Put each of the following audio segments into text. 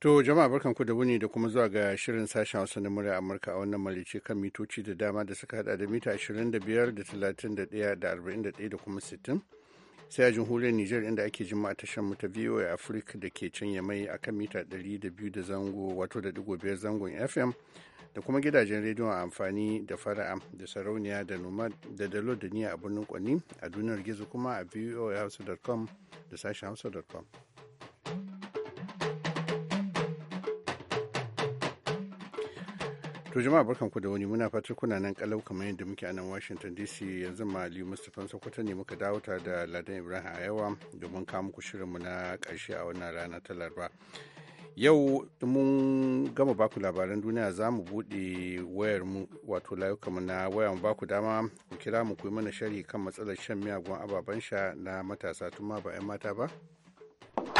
To jama'a barkan ku da wuni da kuma zuwa ga shirin sashen wasu na murya Amurka a wannan malice kan mitoci da dama da suka hada da mita 25 da 31 da 41 da kuma 60. Sai a jamhuriyar Nijar inda ake jima a tashar mu ta VOA Africa da ke can mai a kan mita 200 da zango wato da digo biyar zangon FM da kuma gidajen rediyon amfani da fara'a da sarauniya da nomad da dalo da niya a birnin kwani a duniyar gizo kuma a voahausa.com da sashen hausa.com. To jama'a barkanku da wani muna fatar kuna nan kalau kamar yadda muke a nan Washington DC yanzu ma Mustapha Sokoto ne muka dawo ta da Ladan Ibrahim a yawa domin kawo muku mu na karshe a wannan rana ta Laraba. Yau mun gama baku labaran duniya za mu buɗe wayar mu wato layukanmu na wayar mu baku dama ku kira mu ku yi mana shari kan matsalar shan miyagun ababen sha na matasa tun ma ba 'yan mata ba.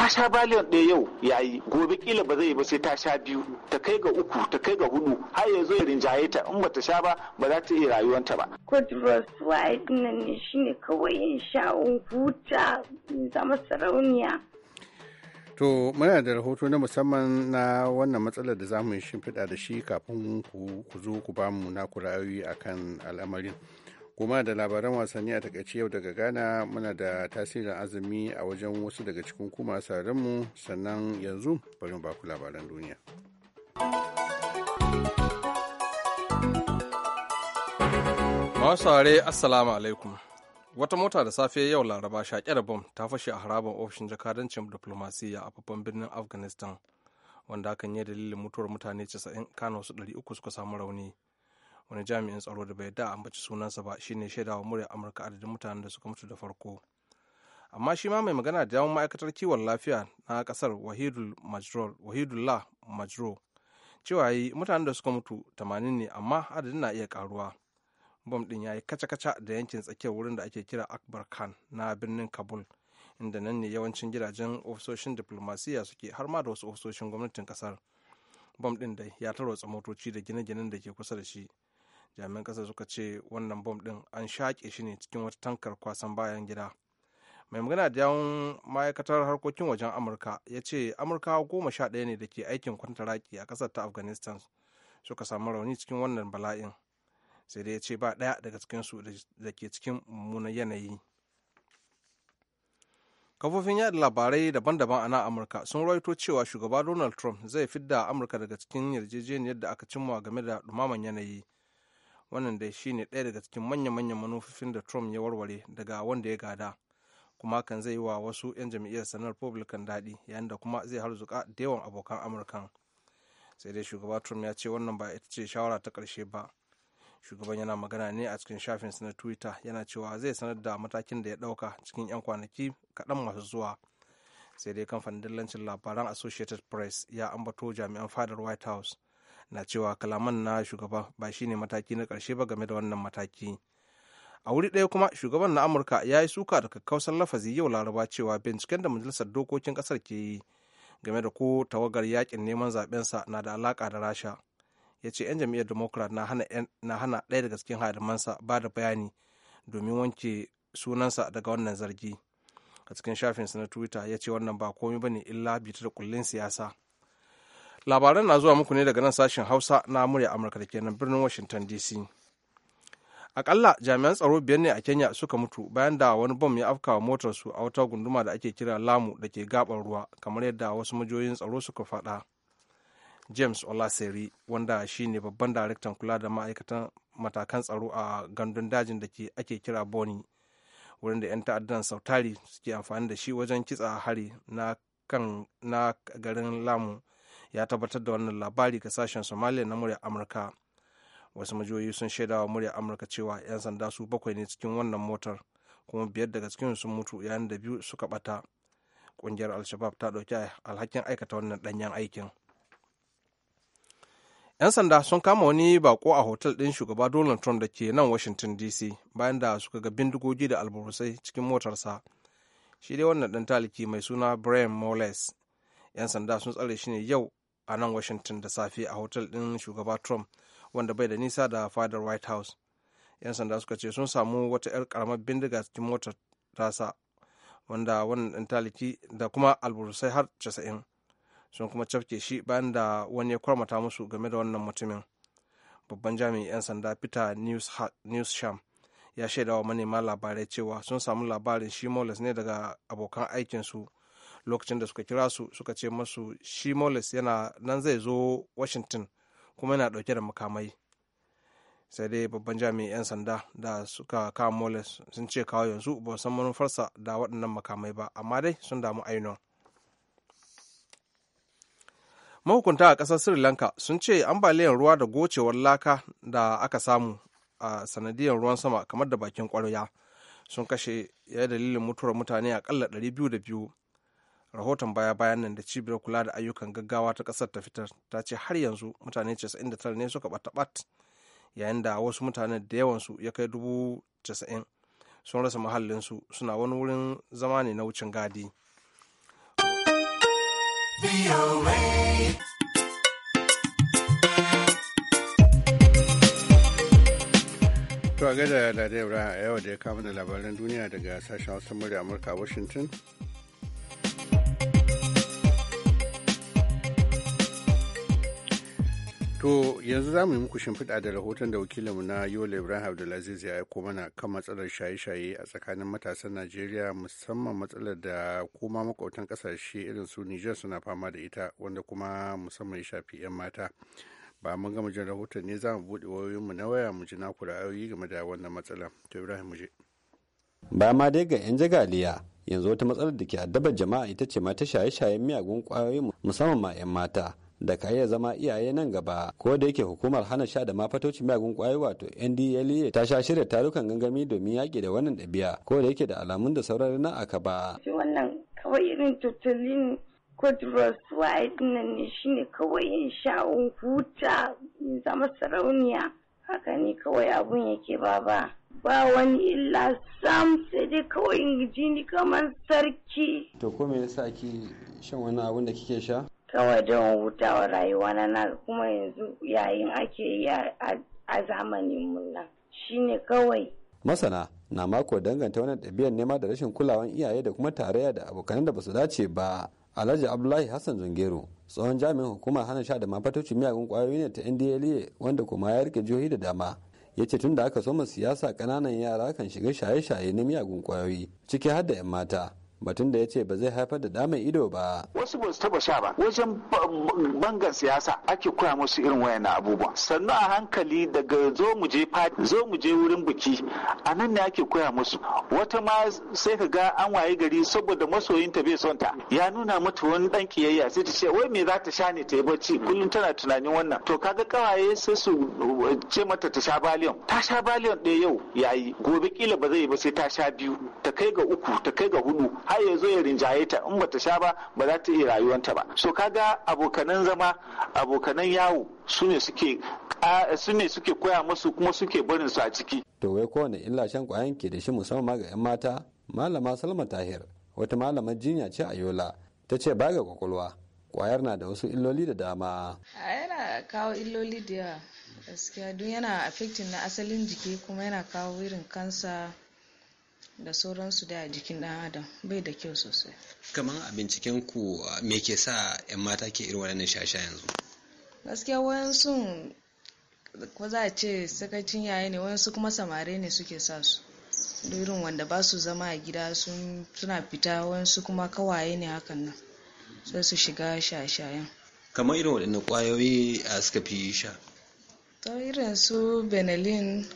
ta sha baliyon ɗaya yau yi gobe kila ba zai ba sai ta sha biyu ta kai ga uku ta kai ga hudu har yanzu ya rinjaye ta in ta sha ba ba za ta iya rayuwanta ba. Kodros White nan ne ne kawai yin sha huta zama sarauniya. To muna da rahoto na musamman na wannan matsalar da zamu mu shimfiɗa da shi kafin ku zo ku bamu mu na ra'ayoyi akan al'amarin. kuma da labaran wasanni a takaice yau daga ghana muna da tasirin azumi a wajen wasu daga cikin kuma sararinmu sannan yanzu bari mu baku labaran duniya masuware assalamu alaikum wata mota da safe yau laraba shaƙe bom ta fashe a harabar ofishin jakadancin diplomasiyya a babban birnin afghanistan wanda hakan ya dalilin mutuwar mutane 90 kano su 300 suka samu rauni wani jami'in tsaro da bai da ambaci sunansa ba shine shaidawa murya amurka adadin mutanen da suka mutu da farko amma shi ma mai magana da yawon ma'aikatar kiwon lafiya na kasar wahidullah majro cewa yi mutanen da suka mutu 80 ne amma adadin na iya karuwa bom din ya yi kaca-kaca da yankin tsakiyar wurin da ake kira akbar khan na birnin kabul inda nan ne yawancin gidajen ofisoshin diplomasiya suke har ma da wasu ofisoshin gwamnatin kasar bom din dai ya tarwatsa motoci da gine-ginen da ke kusa da shi jami'an ƙasa suka ce wannan bom ɗin an shaƙe shi ne cikin wata tankar kwasan bayan gida mai magana da yawon ma'aikatar harkokin wajen amurka ya ce amurka goma sha ɗaya ne da ke aikin kwantaraki a ƙasar ta afghanistan suka samu rauni cikin wannan bala'in sai dai ya ce ba ɗaya daga cikinsu da ke cikin mummunan yanayi kafofin yada labarai daban-daban a nan amurka sun rawaito cewa shugaba donald trump zai fidda amurka daga cikin yarjejeniyar da aka cimma game da dumaman yanayi wannan dai shine ɗaya daga cikin manya-manyan manufofin da trump ya warware daga wanda ya gada kuma kan zai yi wa wasu 'yan jam'iyyar sanar republican daɗi yayin da kuma zai harzuka da yawan abokan amurkan sai dai shugaba trump ya ce wannan ba ita ce shawara ta ƙarshe ba shugaban yana magana ne a cikin shafinsa na twitter yana cewa zai sanar da matakin da ya ɗauka cikin 'yan kwanaki kaɗan masu zuwa sai dai kamfanin dillancin labaran associated press ya ambato jami'an fadar white house na cewa kalaman na shugaba ba shi ne mataki na ƙarshe ba game da wannan mataki a wuri ɗaya kuma shugaban na amurka ya yi suka da kakkausar lafazi yau laraba cewa binciken da majalisar dokokin ƙasar ke yi game da ko tawagar yakin neman zaɓensa na da alaƙa da rasha ya ce 'yan jam'iyyar democrat na hana ɗaya daga cikin hadimansa ba da bayani domin wanke sunansa daga wannan zargi a cikin shafinsa na twitter ya ce wannan ba komai ne illa da kullin siyasa labaran na zuwa muku ne daga nan sashen hausa na murya amurka da kenan nan birnin washington dc akalla jami'an tsaro biyar ne a kenya suka mutu bayan da wani bom ya afka wa motarsu a wata gunduma da ake kira lamu da ke gabar ruwa kamar yadda wasu majiyoyin tsaro suka faɗa james olaseri wanda shine babban daraktan kula da ma'aikatan matakan tsaro a gandun dajin da ke ake kira boni wurin da 'yan ta'addan sautari suke amfani da shi wajen kitsa hari kan na garin lamu ya tabbatar da wannan labari ga sashen somalia na murya amurka wasu majiyoyi sun shaidawa murya amurka cewa 'yan sanda su bakwai ne cikin wannan motar kuma biyar daga cikin sun mutu yayin da biyu suka bata kungiyar al-shabab ta dauki alhakin aikata wannan danyen aikin yan sanda sun kama wani bako a hotel ɗin shugaba donald trump da ke nan washington dc bayan da suka ga bindigogi da alburusai cikin motarsa shi dai wannan ɗan taliki mai suna brian moles yan sanda sun tsare shi ne yau a nan washington da safe a hotel ɗin shugaba trump wanda bai da nisa da fadar white house yan sanda suka ce sun samu wata 'yar karamar bindiga cikin motar tasa wanda wannan taliki da kuma alburusai har 90 sun kuma cafke shi bayan da wani ya kwarmata musu game da wannan mutumin babban jami'in 'yan sanda peter newsham ya shaidawa manema labarai cewa sun samu labarin shi ne daga abokan aikinsu lokacin da suka kira su suka ce masu shi Moles yana nan zai zo Washington kuma yana ɗauke da makamai. Sai dai babban jami'in 'yan sanda da suka kama Moles sun ce kawo yanzu ba san manufarsa da waɗannan makamai ba, amma dai sun damu ainihin. mahukunta a ƙasar sri lanka sun ce ambaliyar ruwa da gocewar laka da aka samu a sanadiyar ruwan sama kamar da bakin kwarya sun kashe ya dalilin mutuwar mutane akalla 202 rahoton baya-bayan nan da cibiyar kula da ayyukan gaggawa ta kasar ta fitar ta ce har yanzu mutane 99 ne suka bata bat yayin da wasu mutane da yawansu ya kai dubu sun rasa mahallinsu suna wani wurin zama ne na wucin gadi To a gaida da Ibrahim a yau da ya kama da labaran duniya daga sashen wasu murya Amurka Washington To yanzu za mu yi muku shimfiɗa da rahoton da wakilinmu na Yola Ibrahim Abdulaziz ya aiko mana kan matsalar shaye-shaye a tsakanin matasan Najeriya musamman matsalar da kuma makwautan ƙasashe irin su Niger suna fama da ita wanda kuma musamman ya shafi 'yan mata. Ba mun gama jin rahoton ne za mu buɗe wayoyinmu na waya mu ji naku ra'ayoyi game da wannan matsala. To Ibrahim mu je. Ba ma dai ga 'yan jagaliya yanzu wata matsalar da ke addabar jama'a ita ce ma ta shaye-shayen miyagun kwayoyin musamman ma 'yan mata. da ka iya zama iyaye nan gaba ko da yake hukumar hana sha da mafatocin miyagun kwayo wato ndla e ta sha shirya tarukan gangami domin yaƙi da wannan ɗabi'a ko da yake da alamun da sauran na aka ba. wannan kawai irin tutulin kudros white nan ne shine kawai yin sha'un huta zama sarauniya haka ne kawai abun yake ba ba ba wani illa sam sai dai kawai in ji ni kamar sarki. to ko me yasa ki shan wani abun da kike sha? kawai don hutawa rayuwa na na kuma yanzu yayin ake yi a zamanin mun shi shine kawai masana na mako danganta wani ɗabi'ar nema da rashin kulawan iyaye da kuma tarayya da abokanan da su dace ba alhaji abdullahi hassan zungero tsohon jami'in hukumar hana sha da mafatocin miyagun kwayoyi ne ta ndla wanda kuma ya rike jihohi da dama ya ce tun da aka soma siyasa kananan yara kan shiga shaye-shaye na miyagun kwayoyi ciki har da 'yan mata batun da ya ce ba zai haifar da damar ido ba. Wasu ba su taba sha ba wajen bangan siyasa ake koya musu irin na abubuwa. Sannu a hankali daga zo mu je fadi zo mu je wurin biki a nan ne ake koya musu. Wata ma sai ka ga an waye gari saboda masoyinta bai son ta ya nuna mata wani dan kiyayya sai ta ce wai me za ta sha ne ta yi bacci kullum tana tunanin wannan. To kaga kawaye sai su uh, ce mata ta sha baliyon. Ta sha baliyon ɗaya yau yayi gobe kila ba zai yi ba sai ta sha biyu ta kai ga uku ta kai ga hudu ai ya zo ya rinjaye ta in bata sha ba ba za ta iya rayuwanta ba so kaga abokanan zama abokanan yawo su ne suke su ne suke koya musu kuma suke barin su a ciki to wai kowane illa shan kwayan ke da shi musamman ga yan mata malama salma tahir wata malamar jinya ce a yola ta ce ba ga kwakwalwa kwayar na da wasu illoli da dama yana kawo illoli da yawa gaskiya don yana affecting na asalin jiki kuma yana kawo irin kansa da sauransu da a jikin ɗan adam bai da kyau sosai kamar a binciken ku me ke sa 'yan mata ke irin waɗannan shasha yanzu gaskiya wayansu ko za a ce sakacin yaye ne wayansu kuma samare ne suke sa su irin wanda ba su zama a gida suna fita wayansu kuma kawaye ne hakan nan sai su shiga shashayen kamar irin waɗannan ƙwayoyi a suka fi sha ta irin su benelin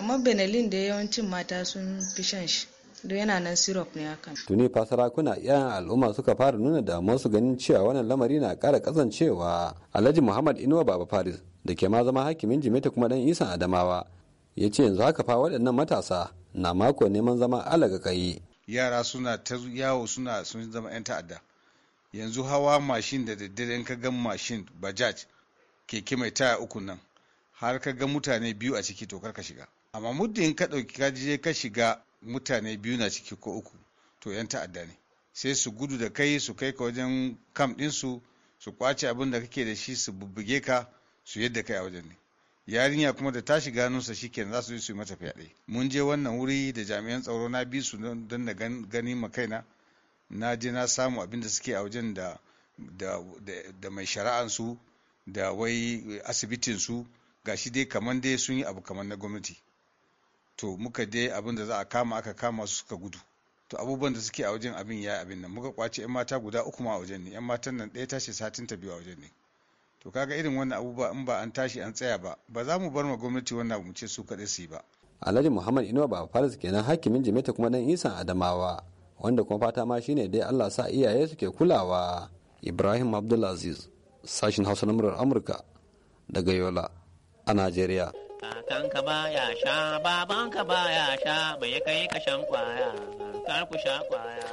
amma benelin da yawancin mata sun fi shan shi da yana nan syrup ne hakan. Tuni fa sarakuna iyayen al'umma suka fara nuna da su ganin cewa wannan lamari na kara kasancewa. Alhaji Muhammad Inuwa Baba Faris da ke ma zama hakimin Jimeta kuma dan Isan Adamawa ya ce yanzu haka fa waɗannan matasa na mako neman zama alaga kai. Yara suna ta yawo suna sun zama 'yan ta'adda. Yanzu hawa mashin da daddare in ka gan mashin bajaj keke mai taya uku nan har ka ga mutane biyu a ciki to kar ka shiga. amma muddin ka ɗauki ka je ka shiga mutane biyu na ciki ko uku to yan ta'adda ne sai su gudu da kai su kai ka wajen kam ɗinsu su kwace abin da kake da shi su bubbuge ka su yadda kai a wajen ne yarinya kuma da ta shiga shi kenan za su yi su yi mata fyaɗe mun je wannan wuri da jami'an tsaro na bi su don na gani ma kaina na je na samu abin da suke a wajen da da mai shari'ansu da wai asibitinsu gashi dai kaman dai sun yi abu kaman na gwamnati to muka dai abin da za a kama aka kama su suka gudu to abubuwan da suke a wajen abin ya abin nan muka kwace yan mata guda uku ma a wajen ne yan matan nan ɗaya tashi satin ta biyu a wajen ne to kaga irin wannan abubuwa in ba an tashi an tsaya ba ba za mu bar ma gwamnati wannan mu ce su kaɗai su yi ba alhaji muhammad inuwa ba faris kenan hakimin jimeta kuma dan isan adamawa wanda kuma fata ma shine dai allah sa iyaye suke kulawa ibrahim abdulaziz sashin hausa na murar amurka daga yola a najeriya kakanka baya sha babanka baya sha bai kai ka shan kwaya kar ku sha kwaya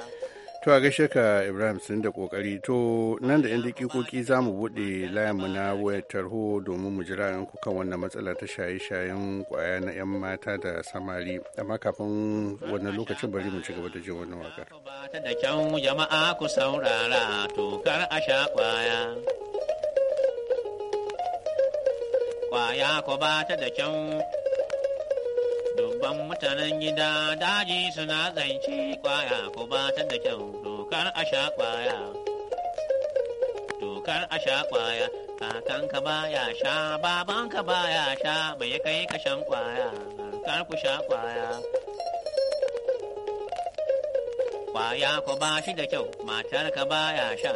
to a gaishe ka ibrahim sun da kokari to nan da yan dakikoki za mu buɗe mu na wayar tarho domin mu jira ku kan wannan matsala ta shaye-shayen kwaya na 'yan mata da samari amma kafin wannan lokacin bari mu ci gaba da jin wannan wakar da kyan jama'a ku saurara to kar a sha kwaya kwaya ko ba ta da kyau. Dubban mutanen gida daji suna zance kwaya ko ba ta da kyau dokar a sha kwaya. Dokar a sha kwaya, kakanka ba ya sha, babanka ba ya sha, mai kai ka shan kwaya, kar ku sha kwaya. Kwaya ko ba shi da kyau, matar ka ba ya sha.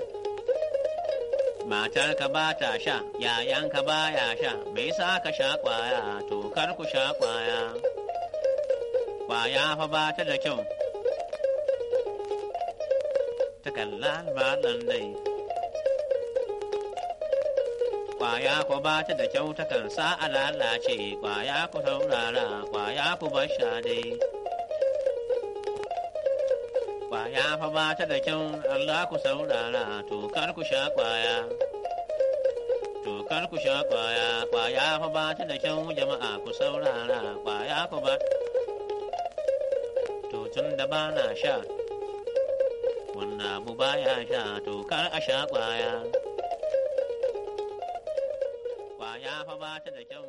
matarka ba ta sha yayanka ba ya sha me sa ka sha kwaya to kar ku sha kwaya kwaya fa ba ta da kyau ta takan lalmalan dai kwaya ku ba ta da kyau takan sa a lalace kwaya ku saurara kwaya ku bar sha dai ya fa ba ta da kyan Allah ku saurara to kar ku sha kwaya. To kar ku sha kwaya, kwaya fa ba ta da kyan jama'a ku saurara kwaya ku ba. To tun da ba na sha, wannan mu ya sha to kar a sha kwaya. Kwaya fa ba ta da kyan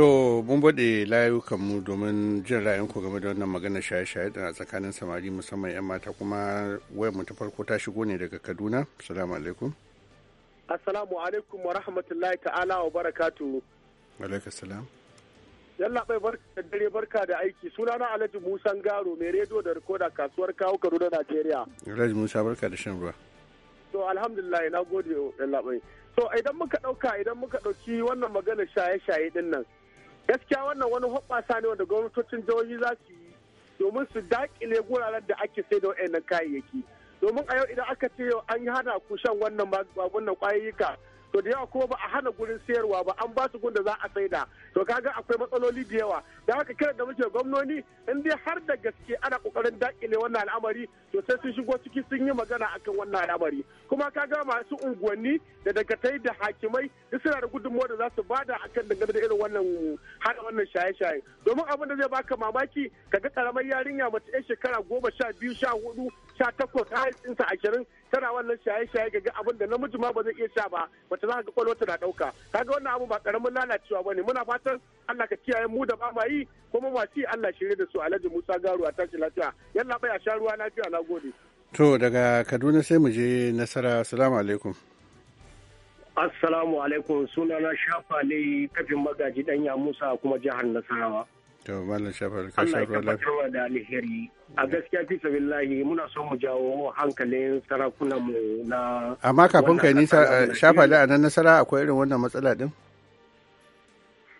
To mun bude layukanmu domin jin ra'ayinku game da wannan magana shaye-shaye a tsakanin samari musamman 'yan mata kuma wayar mu ta farko ta shigo ne daga Kaduna. Assalamu alaikum. Assalamu alaikum wa rahmatullahi ta'ala wa barakatu. Alaikum salam. Yalla bai barka da dare barka da aiki sunana Alhaji Musa Garo mai rediyo da rikoda kasuwar kawo Kaduna Najeriya. Alhaji Musa barka da shan ruwa. To alhamdulillah na gode Yalla bai. To idan muka dauka idan muka dauki wannan magana shaye-shaye din nan. gaskiya wannan wani hoɓɓasa ne wanda gwamnatocin jihohi za su yi domin su daƙile guraren da ake sai da wa'annan kayayyaki domin a yau idan aka ce yau an hana ku shan wannan magungunan kwayoyika to da yawa kuma ba a hana gurin sayarwa ba an ba su gun da za a saida to kaga akwai matsaloli da yawa da haka kira da muke gwamnoni in dai har da gaske ana kokarin dakile wannan al'amari to sai sun shigo ciki sun yi magana akan wannan al'amari kuma kaga masu unguwanni da dagatai da hakimai duk suna da gudunmawar da za su bada akan dangane da irin wannan har wannan shaye-shaye domin abin da zai baka mamaki kaga karamar yarinya mace 'yan shekara goma sha biyu sha hudu sha takwas haifinsa ashirin tana wannan shaye-shaye ga ga abin da namiji ma ba zai iya sha ba wata za ka ga kwalwata na ɗauka kaga wannan abu ba karamin lalacewa ba ne muna fatan Allah ka kiyaye mu da ba yi kuma masu Allah shirye da su Alhaji Musa Garu a tashi lafiya yalla bai a sha ruwa lafiya na gode. To daga Kaduna sai mu je nasara assalamu alaikum. Assalamu alaikum sunana shafa ne kafin magaji danya Musa kuma jihar Nasarawa. to malam shafar ka sha ruwa lafiya da alheri a gaskiya fi sabillahi muna so mu jawo hankalin sarakunan mu na amma kafin ka nisa shafa da anan nasara akwai irin wannan matsala din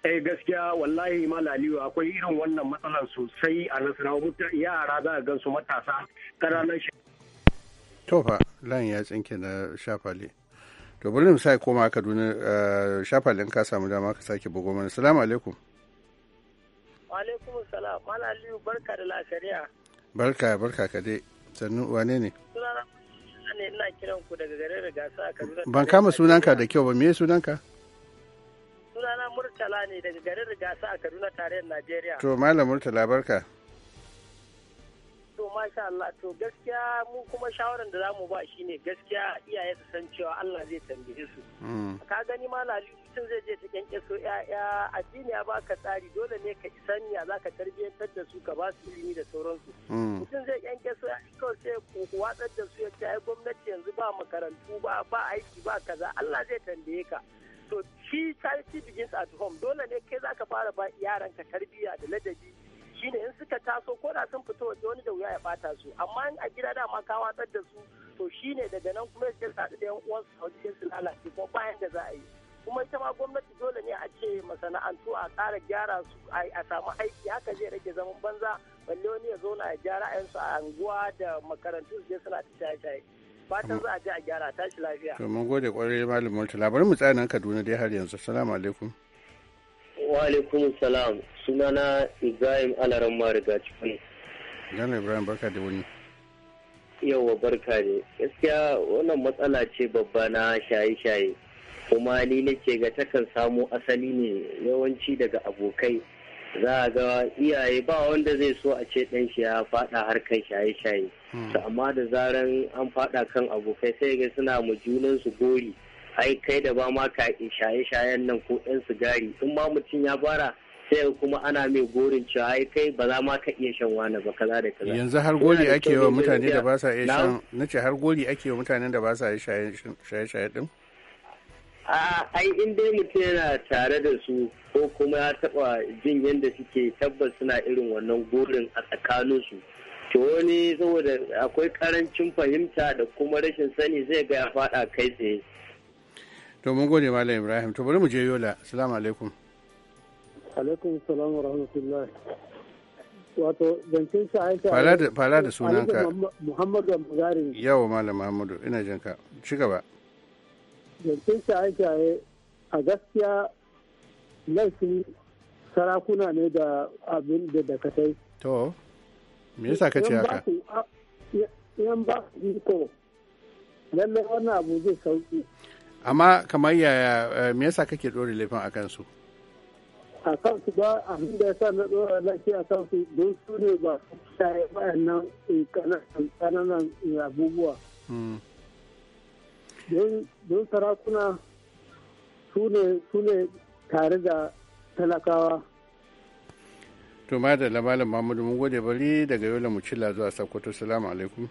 eh gaskiya wallahi malaliyu akwai irin wannan matsalan sosai a nasara nasarawa yara za a gansu matasa ƙananan shi tofa lan ya tsinke na shafale to bari mu sai koma kaduna eh, shafalen ka samu dama ka sake bugo mana salamu alaikum alaikum salam mana aliyu barka da lafiyariya barka barka ka dai sannu wane ne ina kiran ku daga garin rigasa a kaduna ban kama sunanka da kyau ba me sunanka sunana murtala ne daga garin rigasa a kaduna tarayyar najeriya to malam murtala barka to masha Allah to gaskiya mu kuma shawaran da zamu ba shine gaskiya iyaye su san cewa Allah zai tambaye su hmm. ka gani malam mutum zai je ta kyankyaso ya'ya addini ya baka tsari dole ne ka sanya za ka tarbiyyantar da su ka ba su ilimi da sauransu hmm. mutum zai kyankyaso ya kawai sai watsar da su ya ce ai gwamnati yanzu ba makarantu ba ba aiki ba kaza Allah zai tambaye ka to shi charity begins at home dole ne kai za ka fara ba ka tarbiyya da ladabi shine in suka taso ko da sun fito waje wani da wuya ya bata su amma a gida dama ka watsar da su to shine daga nan kuma sai su haɗu da yan uwansu su lalace ko bayan da za a yi kuma ita ma gwamnati dole ne a ce masana'antu a ƙara gyara su a samu aiki haka zai rage zaman banza balle wani ya zauna ya gyara yansu a anguwa da makarantu su je suna ta shaye-shaye fatan za a je a gyara tashi lafiya. to mun gode kwarai malam murtala bari mu tsaya nan kaduna dai har yanzu salamu alaikum. wa alaikum salam sunana ibrahim alaran mariga cikin. dan ibrahim barka da wani. yawwa barka ne gaskiya wannan matsala ce babba na shaye-shaye. kuma ni nake ga takan samu asali ne yawanci daga abokai za a ga iyaye ba wanda zai so a ce dan shi ya fada harkan shaye-shaye hmm. amma da zaran an fada kan abokai sai ga suna ma junan su gori ai kai da ba ma ka shaye-shayen nan ko dan sigari in ma mutum ya fara sai kuma ana mai gorin cewa ai kai ba za ma ka iya shan wani ba kaza da kaza yanzu har gori ake wa mutane da ba sa iya shan nace har gori ake wa mutanen da ba sa iya shaye-shaye din a ai in dai mutum yana tare da su ko kuma ya taba jin yadda suke tabbas suna irin wannan gorin a tsakaninsu to wani saboda akwai karancin fahimta da kuma rashin sani zai ga ya fada kai tsaye to mun gode malam ibrahim to bari mu je yola assalamu alaikum alaikum salam wa wato zancen shi aika fara da sunanka muhammadu magari malam muhammadu ina jinka ci gaba zancen shaye jaye a gaskiya laifin sarakuna ne da abin da dakatai. To, me yasa ka ce haka? Yan ba iko, lallai wannan abu zai sauki. Amma kamar yaya eh, me yasa kake ɗore laifin a kansu? A kansu ba abin da ya sa na ɗora laifi a kansu don su ne ba su shaye bayan nan ƙananan abubuwa. Hmm. don sarakuna su ne tare da talakawa to ma da labarin mahmudu mun gode bari daga yola mu cilla zuwa sakkwato salamu alaikum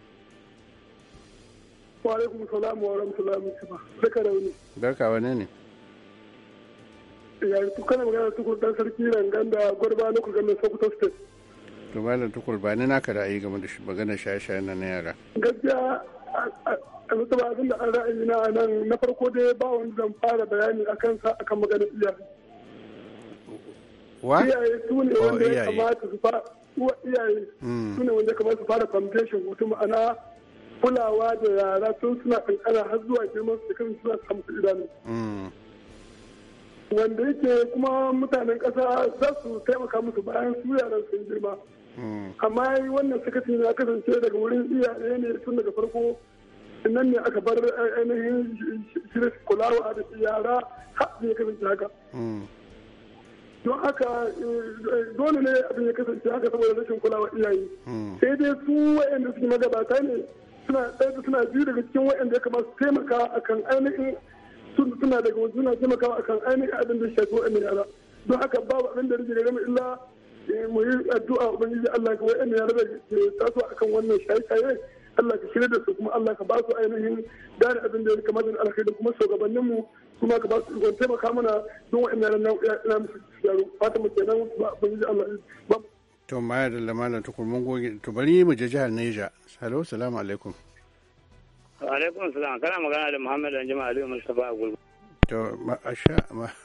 wa alaikum salamu wa rahmatullahi wa barka da wani barka wani ne yayin kana magana tukur dan sarki rangan da gwarba na kurgan mai sokoto state to malam tukur ba ni naka ra'ayi game da magana shaye shaye na yara gaskiya yanzu ba abin da an ra'ayi na nan na farko dai ba wani zan fara bayani a kansa akan maganar iyaye. Wa? Iyaye su ne oh, wanda ya kamata su fara uwa iyaye hmm. su ne wanda ya kamata su fara foundation wato ma'ana kulawa da yara tun suna kankana har zuwa girman su kan suna samu da hmm. Wanda yake kuma mutanen ƙasa za su taimaka musu bayan su yaran sun girma. Hmm. Amma wannan sakacin ya kasance daga wurin iyaye ne tun daga farko nan ne aka bar eh, ainihin shirin kulawa da yara haɗe ya kasance haka. Hmm. don haka eh, dole ne abin ya kasance haka saboda rashin kulawa iyaye hmm. sai dai su wa'anda suke magabata ne suna ɗaya suna biyu daga cikin waɗanda ya kamata su taimaka akan ainihin suna daga wasu suna ainihin abin da shafi wa'anda yara don haka babu abin da rage gare mu illa eh, mu yi addu'a ubangiji Allah ka wa'anda yara da ke taso akan wannan shaye-shaye Allah ka shirya da su kuma Allah ka ba su ainihin gane abin da ya kamata da alkhairi kuma shugabanninmu kuma ka ba su ikon taimaka mana don wa'annan nan ina musu yaro fata mu kenan ba ubangiji Allah ba to maya da lamalan tukur mun goge to bari mu je jihar Neja hello salamu alaikum alaikum salam kana magana da Muhammad dan jama'a Aliyu Mustafa Gulgu to ma'asha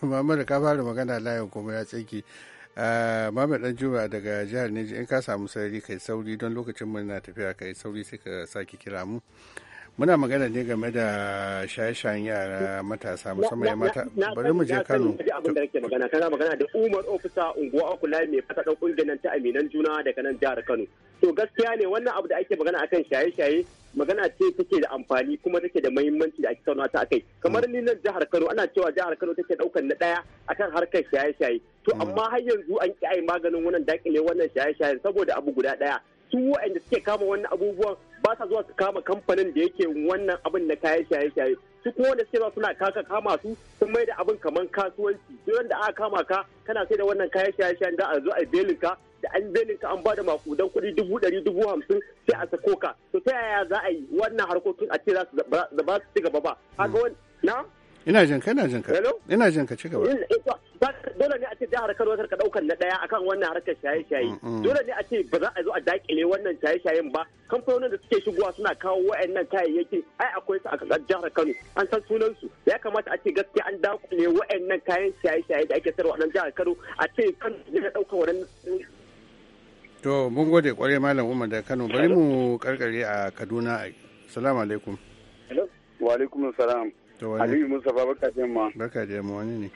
Muhammad ka fara magana layin kuma ya tsaki Eh, Mamed dan Juba daga jihar Neji in ka samu sarari kai sauri don lokacin mu na tafiya kai sauri sai ka sake kira mu. Muna magana ne game da shaye-shayen yara matasa musamman ya mata. Bari mu je Kano. Na abin da nake magana kana magana da Umar Ofisa unguwa Akula mai fata dan kungiyar ta Aminan Juna daga nan jihar Kano. To gaskiya ne wannan abu da ake magana akan shaye-shaye magana ce take da amfani kuma take da mahimmanci da ake sauna ta akai kamar ni nan jihar Kano ana cewa jihar Kano take daukan na daya akan harkar shaye-shaye to mm. amma har yanzu an ki ai maganin wannan dakile wannan shaye-shayen saboda abu guda daya su wa'anda suke kama wannan abubuwan ba sa zuwa su kama kamfanin da yake wannan abin na kayan shaye-shaye su kuma wanda suke zuwa suna kaka kama su sun mai da abin kamar kasuwanci duk wanda aka kama ka kana sai da wannan kayan shaye-shayen za a zo a belin ka da an belin ka an ba da makudan kuɗi dubu ɗari dubu hamsin sai a sako ka to ta yaya za a yi wannan harkokin a ce za su da ba su ci gaba ba ga wani na ina jin ka ina jin ka ina jin ka ci eh, dole ne a ce jihar Kano ka daukan na daya akan wannan harkar shaye-shaye mm, mm. dole ne a ce ba za a zo a dakile wannan shaye-shayen ba kamfanonin da suke shigowa suna kawo wayannan kayayyaki ai akwai su a jihar Kano an san sunan su ya kamata a ce gaskiya an dakile wayannan kayan shaye-shaye da ake sarwa a jihar Kano a ce kan da daukan wannan to mun gode kwarai malam umar da kano bari mu karkare a kaduna salamu alaikum wa alaikum salam aliyu mustapha baka jemma baka jemma wani ne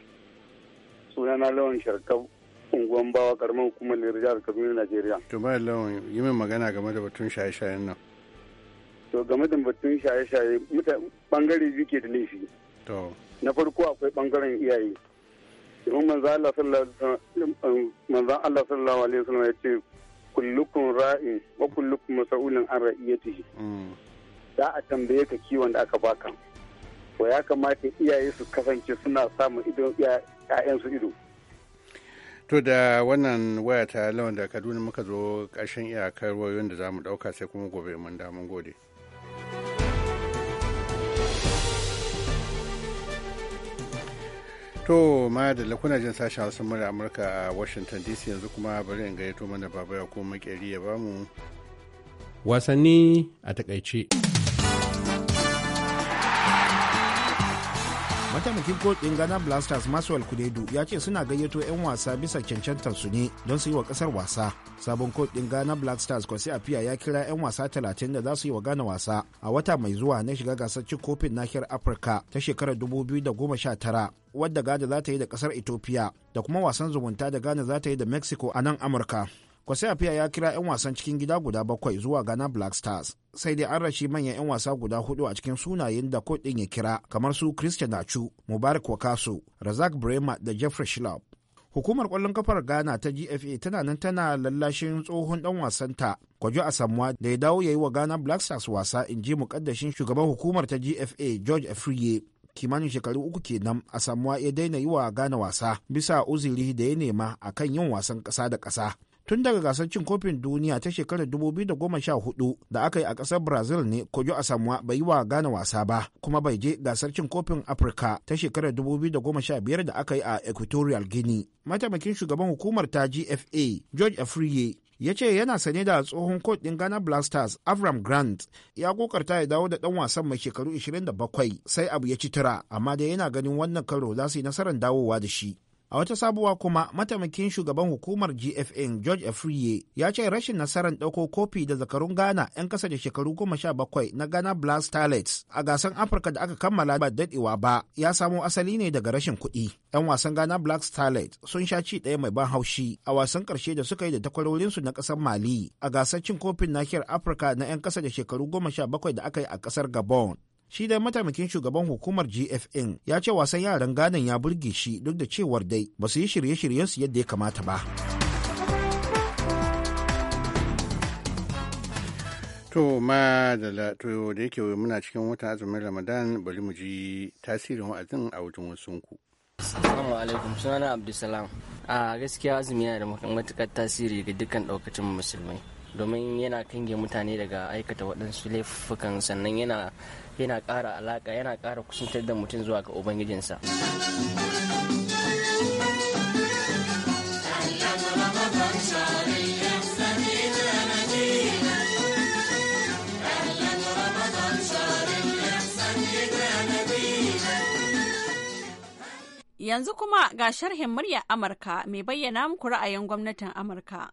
suna na lawan sharkau unguwan bawa karamar hukumar jihar kaduna najeriya to ba lawan yi min magana game da batun shaye-shayen nan to game da batun shaye-shaye bangare biyu ke da laifi na farko akwai bangaren iyaye domin manzan Allah sallallahu alaihi wasallam ya ce kullukun ra'in wa kullukun masa'ulin an ra'iyatihi mm. za a tambaye ka kiwon da aka baka wa ya kamata iyaye su kasance suna samun ido su ido to da wannan waya ta lawan da kaduna muka zo ƙarshen iyakar wayoyin da za mu ɗauka sai kuma gobe mun da mun gode To ma da lakuna jin sashen Hausa mura Amurka a Washington DC yanzu kuma bari in gayyato mana babu ya kuma makeri ya bamu. Wasanni a takaice. mataimakin kotsin ghana blasters maswell kudedu ya ce suna gayyato 'yan wasa bisa cancantar su ne don su yi wa kasar wasa sabon kotsin ghana blasters kwasi afiya ya kira 'yan wasa talatin da za su yi wa gana wasa a wata mai zuwa na shiga gasar cin kofin nahiyar afirka ta shekarar 2019 wadda ghana za ta yi da kasar ethiopia da kuma wasan zumunta da ghana za ta yi da mexico a nan amurka Kwasayafia ya kira 'yan wasan cikin gida guda bakwai zuwa Ghana Black Stars, sai dai an rashi manyan 'yan wasa guda hudu a cikin sunayen da kudin ya kira kamar su Christian Nachu, Mubarak Wakaso, Razak Brema da Jeffrey Schlupp. Hukumar kwallon kafar Ghana ta GFA tana nan tana lallashin tsohon dan wasanta Kwajo samuwa da ya dawo ya yi wa Ghana Black Stars wasa in ji mukaddashin shugaban hukumar ta GFA George Afriye kimanin shekaru uku kenan a samuwa ya daina yi wa Ghana wasa bisa uziri da ya nema akan yin wasan ƙasa da ƙasa. tun daga gasar cin kofin duniya ta shekarar 2014 da aka yi a ƙasar brazil ne kojo samuwa bai yi wa gane wasa ba kuma bai je gasar cin kofin afirka ta shekarar 2015 da aka yi a equatorial guinea mataimakin shugaban hukumar ta gfa george afriye ya ce yana sane da tsohon kot ɗin Ghana Blasters Avram Grant ya kokarta ya dawo da dan wasan mai shekaru 27 sai abu ya ci tura amma dai yana ganin wannan karo za su yi nasarar dawowa da shi. A wata sabuwa kuma mataimakin shugaban hukumar GFN George Afriye ya ce rashin nasarar ɗauko kofi da zakarun Ghana 'yan kasa da shekaru goma sha bakwai na Ghana Blast Talents a gasar Afirka da aka kammala ba daɗewa ba ya samo asali ne daga rashin kuɗi. 'Yan wasan Ghana Black Starlet sun sha ci ɗaya mai ban haushi a wasan ƙarshe da suka yi da takwarorinsu na ƙasar Mali a gasar cin kofin nahiyar Afirka na 'yan kasa da shekaru goma sha bakwai da aka yi a ƙasar Gabon. shi dai mataimakin shugaban hukumar gfn ya ce wasan yaran ganin ya burge shi duk da cewar dai ba su yi shirye shiryen su yadda ya kamata ba to ma da to da yake muna cikin watan azumin ramadan bari mu ji tasirin wa'azin a wajen wasu ku Assalamu alaikum sunana Abdulsalam. A gaskiya azumi yana da matukar tasiri ga dukkan daukacin musulmai domin yana kange mutane daga aikata waɗansu laifukan sannan yana yana ƙara alaƙa yana ƙara kusantar da mutum zuwa ga ubangijinsa Yanzu kuma ga sharhin murya Amurka mai bayyana muku ra'ayin gwamnatin Amurka.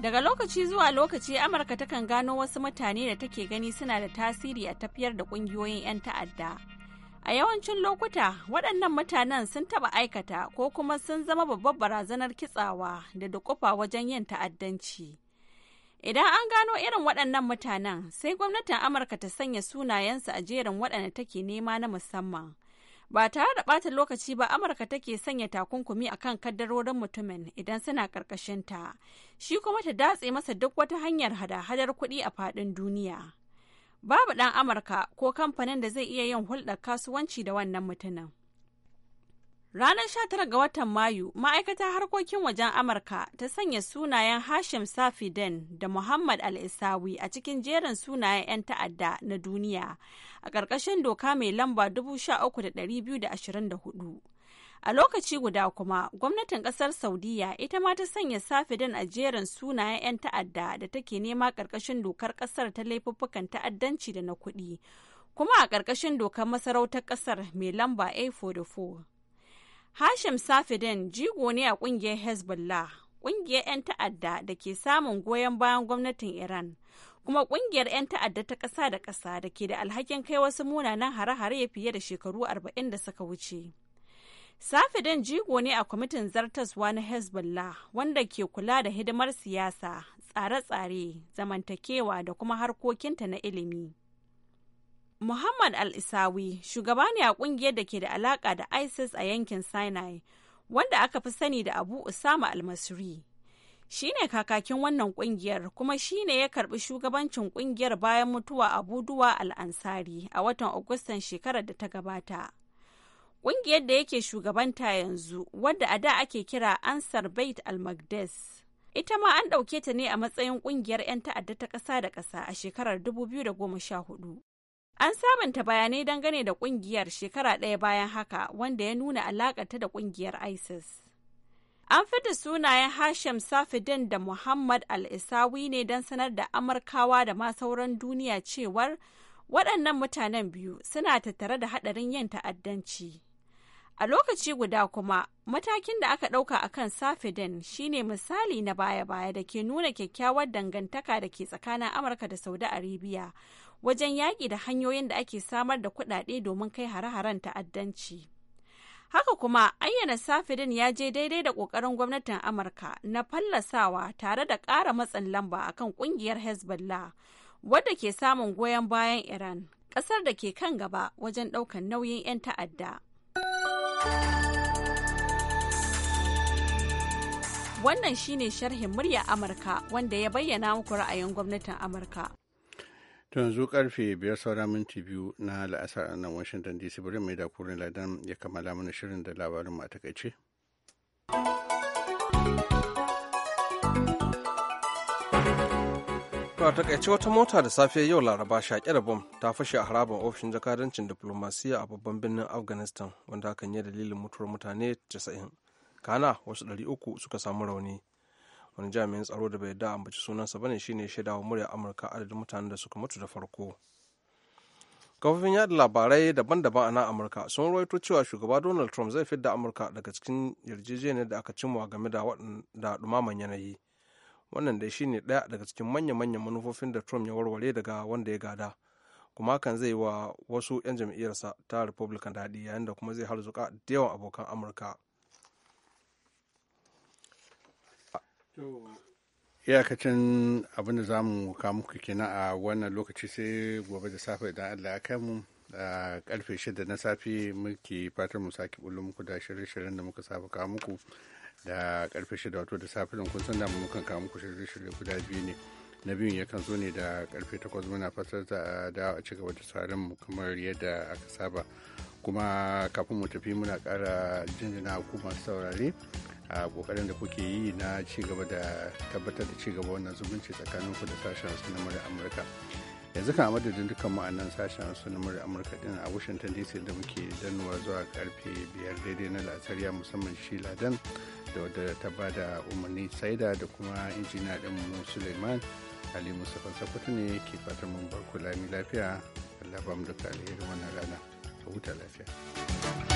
Daga lokaci zuwa lokaci Amurka takan gano wasu mutane da take gani suna da tasiri a tafiyar da ƙungiyoyin 'yan ta'adda. A yawancin lokuta waɗannan mutanen sun taɓa aikata ko kuma sun zama babbar barazanar kitsawa da dukufa wajen yin ta'addanci. Idan an gano irin waɗannan mutanen sai gwamnatin Amurka ta sanya sunayensu a jerin waɗanda take nema na musamman. ba tare da ɓata lokaci ba amurka take sanya takunkumi a kan kaddarorin mutumin idan suna ta shi kuma ta datse masa duk wata hanyar hada-hadar kuɗi a faɗin duniya babu ɗan amurka ko kamfanin da zai iya yin hulɗar kasuwanci da wannan mutumin Ranar 19 ga watan Mayu, ma'aikatar harkokin wajen Amurka ta sanya sunayen Hashim Safiden da Muhammad Al-Isawi a cikin jerin sunayen 'yan ta'adda na duniya a ƙarƙashin doka mai lamba 13,224. A lokaci guda kuma, gwamnatin ƙasar Saudiya ita ma ta sanya Safiden a jerin sunayen 'yan ta'adda da take nema ƙarƙashin dokar ƙasar ta laifuffukan ta'addanci da na kuɗi, kuma a ƙarƙashin dokar masarautar ƙasar mai lamba A44. Hashim Safidin jigo ne a kungiyar Hezbollah, kungiyar 'yan ta'adda da ke samun goyon bayan gwamnatin Iran, kuma kungiyar 'yan ta'adda ta ƙasa da ƙasa da ke da alhakin kai wasu munanan hare-hare fiye da shekaru arba'in da suka wuce. Safidin jigo ne a kwamitin zartaswa na Hezbollah wanda ke kula da hidimar siyasa, tsare-tsare, zamantakewa da kuma harkokinta na ilimi. Muhammad Al-Isawi shugaba ne a kungiyar da ke da alaka da ISIS a yankin Sinai, wanda aka fi sani da Abu Usama Al-Masri. Shi ne kakakin wannan kungiyar kuma shi ne ya karbi shugabancin kungiyar bayan mutuwa Abu Duwa Al-Ansari a watan Agustan shekarar da ta gabata. Kungiyar da yake shugabanta yanzu, wadda a da ake kira Ansar Bait Al-Maqdis. Ita ma an ɗauke ta ne a matsayin ƙungiyar 'yan ta'adda ta ƙasa da ƙasa a shekarar 2014. An sabanta bayanai dangane da kungiyar shekara ɗaya bayan haka wanda ya nuna ta da kungiyar ISIS. An fita sunayen Hashim Safidin da Muhammad Al-Isawi ne don sanar da Amurkawa da ma sauran duniya cewar waɗannan mutanen biyu suna tattare da haɗarin yin ta'addanci. A lokaci guda kuma, matakin da aka ɗauka a kan Safidin shine misali na baya-baya da ke nuna kyakkyawar dangantaka da ke tsakanin Amurka da Saudi Arabia, wajen yaƙi da hanyoyin da ake samar da kuɗaɗe domin kai hare-haren ta'addanci. Haka kuma ayyana Safidin ya je daidai da ƙoƙarin gwamnatin Amurka na fallasawa tare da ƙara matsin lamba a kan ƙungiyar Hezbollah wadda ke samun goyon bayan Iran, ƙasar da ke kan gaba wajen ɗaukan nauyin 'yan ta'adda. Wannan shine sharhin murya Amurka wanda ya bayyana muku ra'ayin gwamnatin Amurka. to yanzu karfe biyar saura minti biyu na la'asar a nan washington dc bari mai dakurin ladan ya kammala mana shirin da labarin a takaice a takaice wata mota da safiya yau laraba shaƙe da bom ta fashe a harabar ofishin jakadancin diplomasiya a babban birnin afghanistan wanda hakan ya dalilin mutuwar mutane 90 kana wasu 300 suka samu rauni wani jami'in tsaro da bai da ambaci sunansa bane shine shaida wa murya amurka adadin mutanen da suka mutu da farko kafofin yada labarai daban-daban a nan amurka sun ruwaito cewa shugaba donald trump zai fidda amurka daga cikin yarjejeniyar da aka cimma game da waɗanda dumaman yanayi wannan dai shine daya daga cikin manya-manyan manufofin da trump ya warware daga wanda ya gada kuma hakan zai wa wasu 'yan jam'iyyarsa ta republican daɗi yayin da kuma zai harzuka da yawan abokan amurka iyakacin abin da za mu muku kenan a wannan lokaci sai gobe da safe idan allah ya kai mu a karfe shida na safe muke fatan mu sake bullo muku da shirye-shiryen da muka saba kawo muku da karfe shida wato da safe da kun san da mukan kawo shirye-shirye guda biyu ne na biyun yakan zo ne da karfe takwas muna fatar da dawo a cigaba da tsarin mu kamar yadda aka saba kuma kafin mu tafi muna kara jinjina ku masu saurare a kokarin da kuke yi na cigaba da tabbatar da cigaba wannan zumunci tsakanin ku da sashen su na murya amurka yanzu kan madadin dukkan ma'anan sashen su na murar amurka din a washington dc da muke danuwa zuwa karfe biyar daidai na lasariya musamman shi ladan da wadda ta ba da umarni saida da kuma injina din mu suleiman ali mustapha sakwato ne ke fatan mun barku lami lafiya allah ba mu duka alheri wannan rana huta lafiya